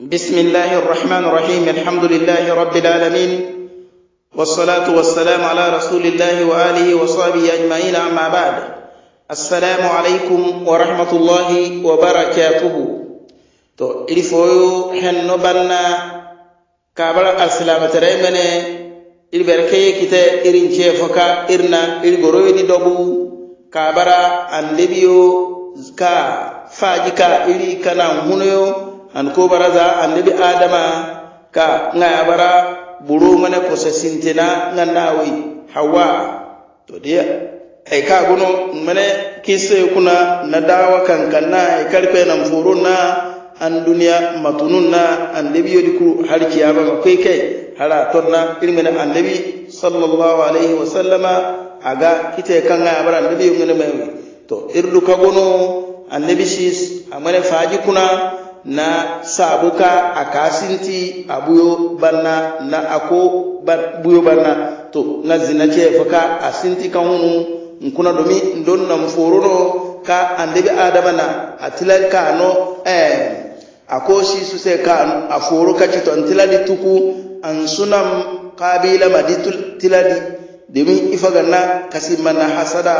بسم الله الرحمن الرحيم الحمد لله رب العالمين والصلاة والسلام على رسول الله وآله وصحبه أجمعين أما بعد السلام عليكم ورحمة الله وبركاته to iri foyo henno banna kabara alsilamatare mene iri berkeye kite irin cefoka irna iri ni dobu kabara an lebiyo ka faji ka iri kana hunoyo an ko baraza nabi adama ka nga bara buru mana ko sintina nga nawi hawa to dia ai ka gono mana kisse kuna na dawa kan na ai karfe nan furun na an duniya matunun na nabi yodi ku har kiyama kai kai hara tonna ilmin annabi sallallahu alaihi wa sallama aga kite kan ga bara annabi yungene mai to irdu ka guno annabi shi amane faji kuna na sabuka a kasinti a buyo banna na ako buyo banna to na zina ce fuka a sinti kan hunu in kuna domi don nan forono ka an andabi adama na a tilar kano a eh, ako shi su sai ka a foro ka ci ton tiladi tuku an sunan kabila ma tiladi domin ifa ganna kasi mana hasada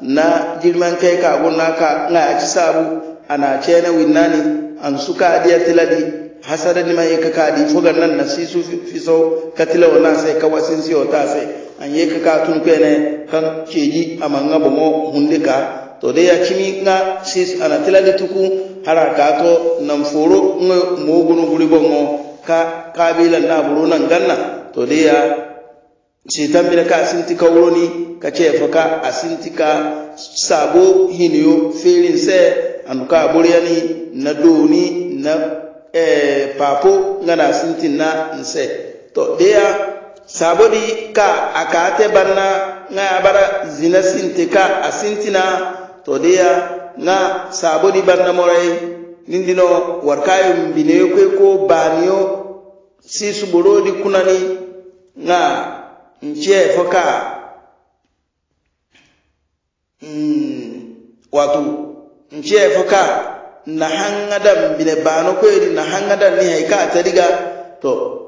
na girman kai ka gunna ka na ya ci sabu ana ce na ne an suka adiya tiladi hasada ni mai kaka di fugar nan na si su fiso ka tilawa na sai ka wasin siyo ta sai an yi kaka tun kai ne kan keji a manga bomo hundika to dai ya kimi na si ana tiladi tuku hara ka to nan foro mo gunu guri bomo ka kabilan na buru nan ganna to dai ya shetan bi ka asinti ka wuro ni ka ce fa ka asinti ka sabo hiniyo filin sai anuka ni na doni na eh, papo ngana sinti na nse to deya sabodi ka akate banna nga abara zina sinti ka na to deya nga sabodi banna morai nindino warkayo mbineyo kwe ko baniyo sisu borodi kunani nga nche foka mm, watu nche fuka na hangada mbine bano kweli na hangada ni haika atariga to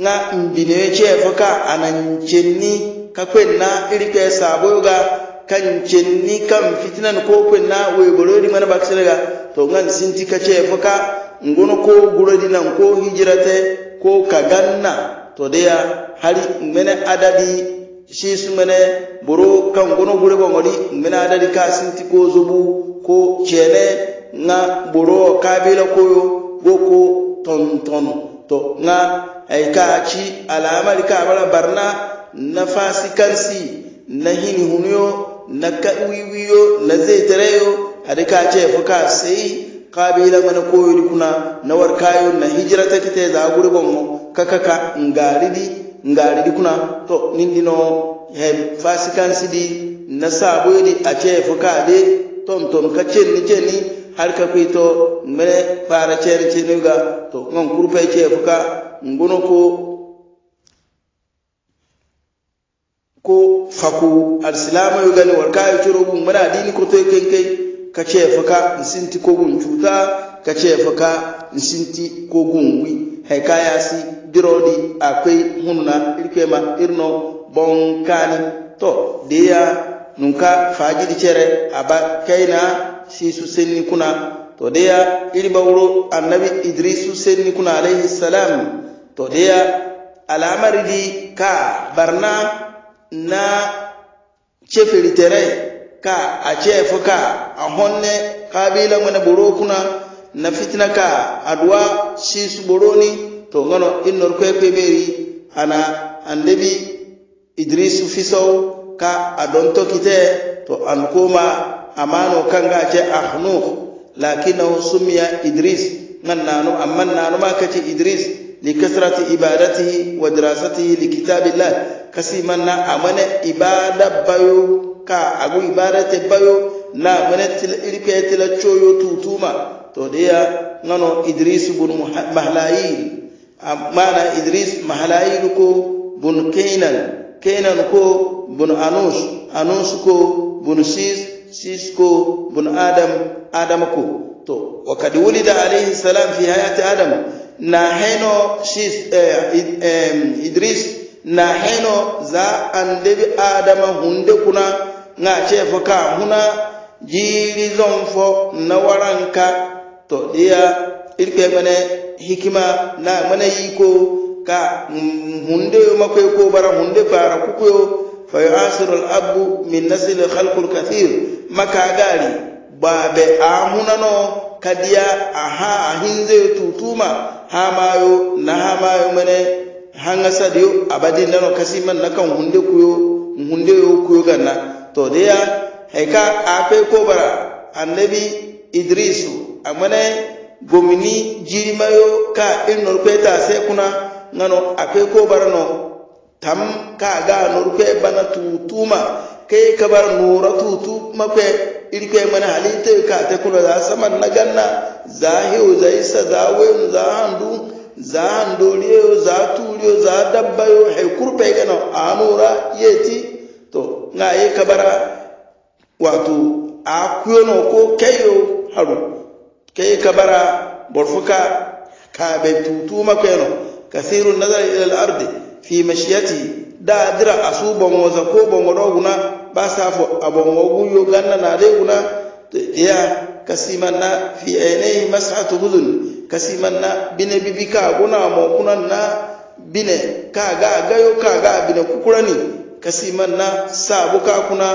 nga mbine che fuka ananchenni kakwenna iri kwe saboyoga kancenni kam fitinan ko kwenna weborori mana bakisiraga to ngan sinti kace fuka ngono ko gurodi nan ko hijirate ko kaganna to deya hari mene adadi shi su mene boro kan gono gure bongori mene adadi ka sinti ko zubu ko kyene nga boro kabila koyo goko tontono to nga ay kaaci alamari barna na fasikansi na hini huniyo na wiwiyo na zaitareyo adi ce fuka sai kabila mana koyo di kuna na war kayo na hijira ta kita za guri mu kakaka ngaridi ngaridi kuna to nindino he fasikansi di na sabo di ce fuka de ton ton ka cenni cenni har ka mere fara para cenni ga to ngon kurpe cefuka ngono ko ko faku alsilama yu warkayo corogu mara dini kotoy kenke ka cefuka nsinti kogun cuta ka cefuka nsinti gun wi hay kayasi dirodi akwai hunna irkema irno bon kani to dia nunka fajiri cere aba kaina sisu senni kuna to deya iriba wuro annabi idrisu senni kuna alayhi salam to deya alamari di ka barna na cefiri tere ka a cefu ka a honne kabila mana boro kuna na fitina ka aduwa sisu boroni to ngano kwe beri ana andebi idrisu fisau ka adon to kite to an kuma amano kanga ce ahnuf lakina sumiya idris nan nanu amman nanu ma kace idris li kasrati ibadatihi wa dirasatihi li kitabillah kasi manna amane ibada bayo ka agu ibadate bayo na mane til irpe til choyo tutuma to dia ngano idris bun mahlayil amana idris mahlayil ko bun kainal kenan ko bunu anus anus ko bunu sis sis ko bunu adam adam ko to wa kad wulida alayhi salam fi hayati adam na heno sis eh, idris na heno za an debi adama hunde kuna na chefo ka huna jiri zonfo na waranka to dia irke mane hikima na mane yiko ka hunde makoy ko bara hunde bara kukuyo fa fayuasiru alabu min nasili khalqul kathir maka gari babe amunano kadiya aha ahinzeyo tutuma hamayo na hamayo mene hanga sadiyo hangasadiyo abadindano kasiman nakan hunde kuyo hunde yo kuyo ganna to deya heka ape bara annabi idrisu amane gomini jirimayo ka irnor kweta sai kuna ngano akwai ko barano tam ka ga ke bana tutuma kai ka bar nura tutu iri irkwe mana halitta ka ta kula za saman na ganna za zaisa za za handu za handu za za tuliyo za dabbayo hai kurpe gano a nura yeti to nga yi ka bara wato a ko kayo haru kai ka bara borfuka ka be tutu makwai no kathirun nazar ila al-ardi fi mashiyati da dira asuban waza ko ban wado guna ba sa fo abon wagu yo ganna na dai guna ya kasimanna fi ainihi mas'atu huzun kasimanna bine bibika guna mo kunan na bine ka ga gayo ka ga bine kukurani kasimanna sabu ka kuna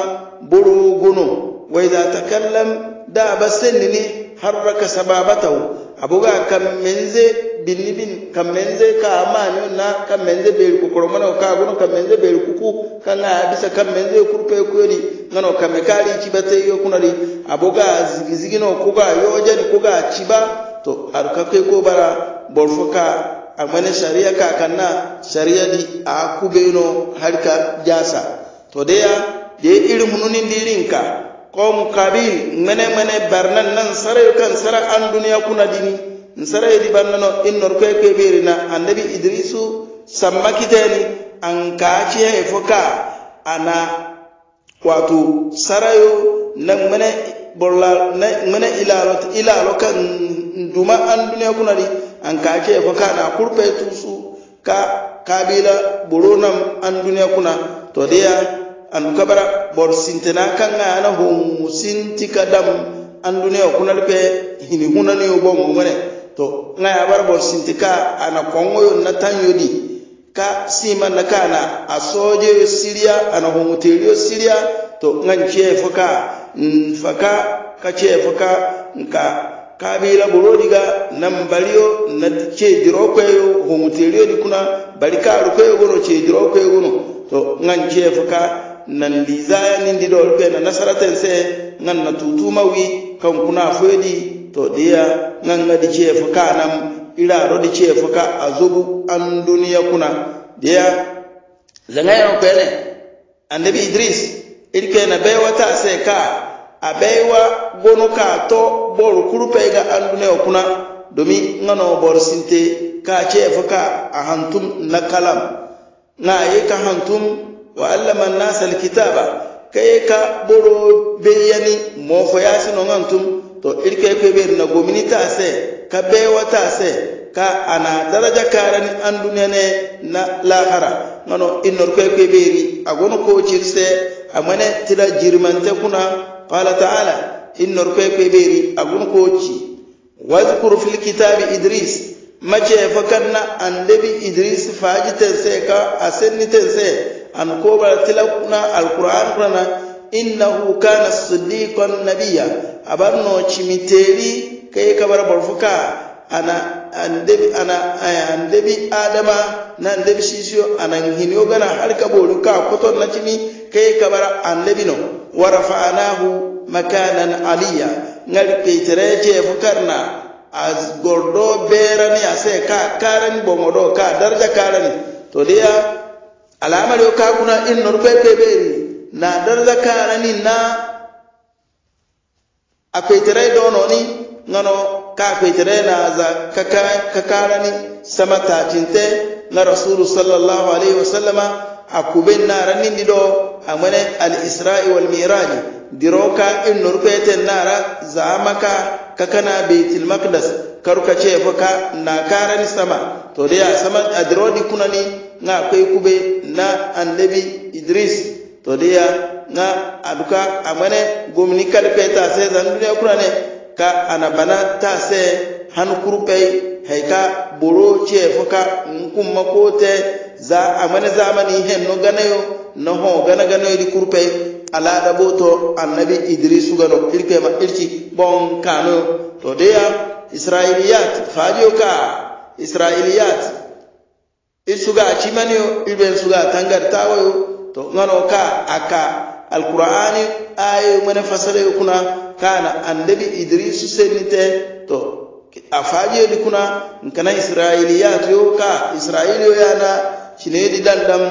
buru gunu wa idza takallam da basin ni harraka sababatu abuga kam menze bilibin kamenze ka amani na kamenze beri kukoromana ukaguno kamenze beri kuku kana abisa kamenze kurupe kweli ngano kamekali chibate yo li aboga zigizigi no kuga yoja ni kuga chiba to haruka kwe ko bara borfoka amane sharia ka kanna sharia di akube no harika jasa to dea de ilu hununin dirinka qawm qabil mene mene barnan nan sarai kan sara an kuna dini nsara yedi bannano in norkoye keɓerina annabi idrisu sammakiteni an kaciya e foka ana wato sarayo na mene bolla na mene ilalo ilalo ka duma an duniya ri an kaciya e foka ka na kurpe tusu ka kabila boronam an duniya kuna to dia an kabara bor sintena na ana hu sintika dam an duniya ri pe hini hunani obo bon mene to nga ya bar bor sintika ana kongoyo na tanyodi ka sima na kana a soje siriya ana homoteriyo siriya to nga ce fuka faka ka ce fuka nka kabila burodiga nan bariyo na ce jiro kwayo homoteriyo di kuna bari ka rukwayo gono ce jiro kwayo gono to nga ce fuka nan lizaya nindi do rupe na nasaratan se ngan na tutuma wi kan kuna fodi to diya nan di ce fuka nam iraro di ce fuka azubu an duniya kuna diya zangayon kwene annabi idris irke na baiwa ta sai ka a baiwa gonu ka to bor kurupe ga an duniya kuna domin ngano bor sinte ka ce fuka a hantum na kalam na yi ka hantum wa allama nasa alkitaba kai ka boro bayani mofo yasino ngantum to irke ke be na gomini ta se ka be wata se ka ana daraja karani an duniya ne na lahara ngano inno ko ko be ri agono ko cirse amane tira jirmante kuna qala ta'ala inno ko ko be ri agono ko ci wazkur fil kitab idris mace fakanna an dabi idris fajita se ka asenni se an kobar tilakuna alquran kana innahu kana siddiqan nabiyya abanno cimiteri kai kabar barfuka ana andebi ana andebi adama na andebi sisiyo anan hinyo gana har ka boru ka koton na cimi kai kabar andebi no wa rafa'nahu makanan aliya ngal peitere je fukarna az gordo berani ase ka karani bomodo ka darja karani to dia alamar yo ka kuna in norpe beberi na darja karani na a fetere dononi ngano ka fetere na za ni sama tacinte na rasulu sallallahu alaihi wasallama a na nara ni do a mane al-isra'i wal miraji diroka in nurfeten nara za maka kakana baitul maqdas karuka ce ka na ni sama to dai a sama a dirodi kunani na akwai kube na annabi idris to dai nka aduka amane gomni kalpe ta se zan duniya kurane ka anabana ta se han kurpe haika boro ce fuka nkun makote za amane zamani hen no ganayo no ho gana ganayo di kurpe ala da boto annabi idrisu gano irke ma irci bon kano to de ya israiliyat fajo ka israiliyat isuga chimaniyo irben suga tangar tawayo to ngano ka aka alqur'ani aye mana fasare kuna kana annabi idris senite to afajeli kuna nkana isra'iliya to ka isra'iliyo yo yana cinedi dandam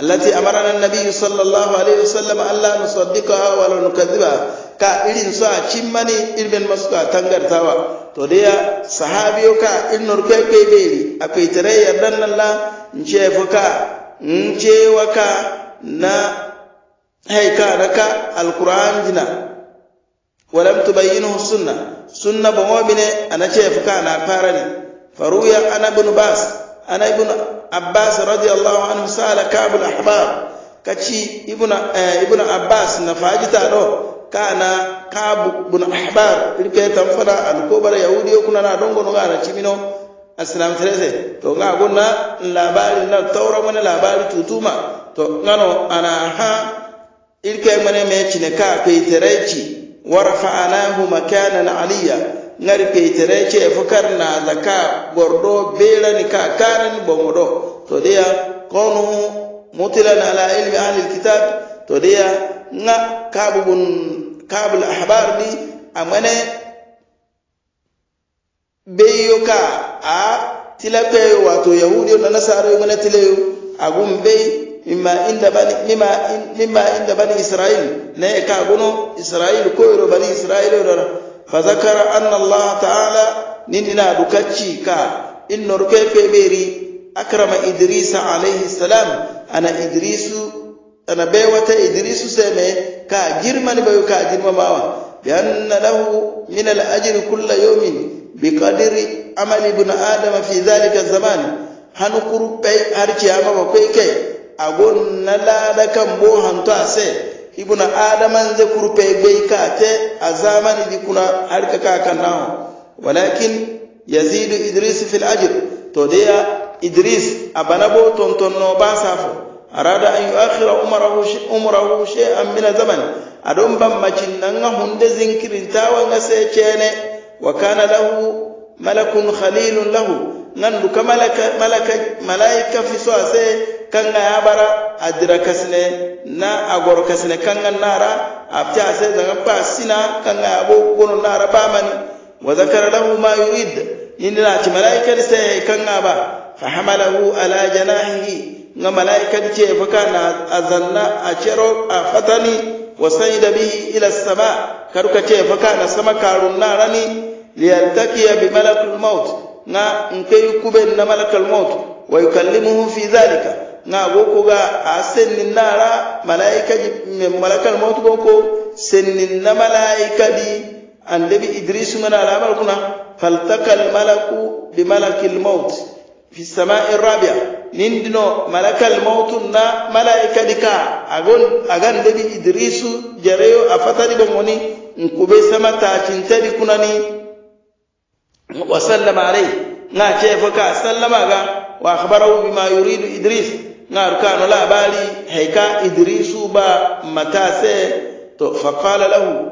allati nan nabiyu sallallahu alaihi wasallam alla wa wala nukadhiba ka irin so a cimmani irben masuka tangartawa to da ya sahabi ka irnor kai kai beli a kai tare yardan nan la nce fuka nce waka na hay karaka alquran jina walam tubayyinuhu sunna sunna ba mobine ana na fara parani faruya ana ibn bas ana ibn abbas radiyallahu anhu sala kabul ahbab kaci ibn eh, ibn abbas na fajita do kana kabu ibn ahbab rike tamfada alkobar yahudi kuna na dongo no gara cimino aslam treze to nga gonna labarin na taura mana labari tutuma to ngano ana ha irka mana me cine ka kai tereci wa rafa'anahu makanan Aliya, ngari kai fukar na zaka gordo bela ni ka karan bomodo to dia kono mutilan ala ilmi ahli alkitab to dia nga kabun kabul ahbar ni amane beyoka a tilape wato yahudi na nasara yo ngana tilayo agum mimma inda bani isra'il na ya isra'il ka gano isra'il ko ro bani isra'il ro fa zakara anna allah ta'ala nindina dukacci ka in ruke fe beri akrama idrisa alayhi salam ana idrisu ana bai wata idrisu sai mai ka girman bai ka girmamawa bi anna lahu min al kulla kullu yawmin bi qadri amali ibn adam fi zalika zaman han kurbai har kiyama ba kai kai agon na lada kan bo hanto ase ibuna adaman ze kurpe bei kate a zamani di kuna harka ka kan nawo walakin yazidu idris fil ajr to deya idris abana bo tonton no ba safo arada an yuakhira umrahu umrahu shay'an min zaman adon ban macin nan hunde zinkirin tawan ase cene wa kana lahu malakun khalilun lahu nan duka malaka malaka malaika fi so ase kanga ya bara a dira kasine na a goro kasine kanga nara a fita a sai zanga ba sina kanga ya bo gono nara ba mani wa zakara lahu ma yurid inda na ci malaikar sai kanga ba fa hamalahu ala janahihi nga malaikar ce fuka na zanna a cero a fatani wa da bihi ila sama karuka ce fuka na sama karun nara ni liyaltaqiya bi malakul maut na in kai kuben na malakul maut wa yukallimuhu fi zalika nga gokoga a senninnara malaikaji malakal mawtu goko malaika di andebi idrisu mana alamar kuna faltaka almalaku bimalaki maut fi samai rabia nindino malakal mautu na di ka agon agan debi idrisu jareyo di bomoni nkube sama ta kuna kunani wa sallama alayhi nga chefo ka sallama ga wa akhbarahu bima yuridu idris na arkanu la bali haika idrisu ba matase to faqala lahu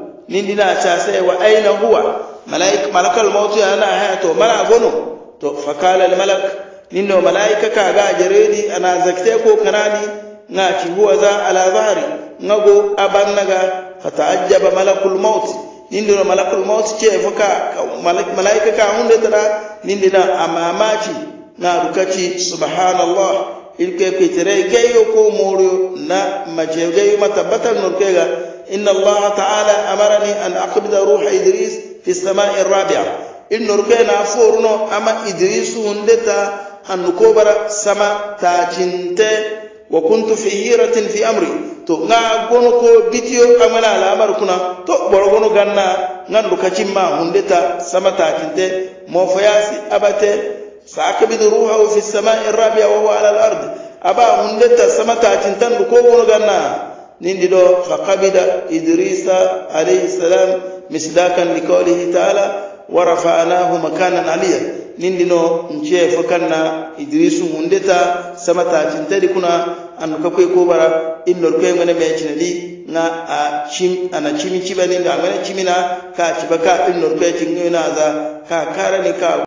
cha chase wa aina huwa malaik malakal maut yana haya to mara gono to faqala al malak ninno malaika ka ga jaredi ana zakte ko kanani na ki huwa za ala zahri ngago abannaga fata'ajjaba malakul maut ninno malakul maut ce fuka malaika ka hunde tara nindina amamaci na rukaci subhanallah ilke pitere geyo ko moro na majege mata batal nurkega inna allah ta'ala amarani an aqbida ruha idris fi samai rabia in nurkena forno ama idris hundeta an kobara sama ta cinte wa kuntu fi hiratin fi amri to nga gono ko bitiyo amala alamar kuna to boro gono ganna ngan lukacin ma hundeta sama ta cinte mo fayasi abate سأكبد روحه في السماء الرابعة وهو على الأرض أبا هندت سمتا تنتن بكوبون غنا نندي دو فقبد إدريس عليه السلام مصداقا لقوله تعالى ورفعناه مكانا عليا نندي نو نشي فكنا إدريس هندتا سمتا تنتن كنا أن كوكي كوبرا إن لكي من ميتنا لي na a chim ana chimi chiba ninga ngana chimina ka chibaka in norpe chingina za ka kara ni ka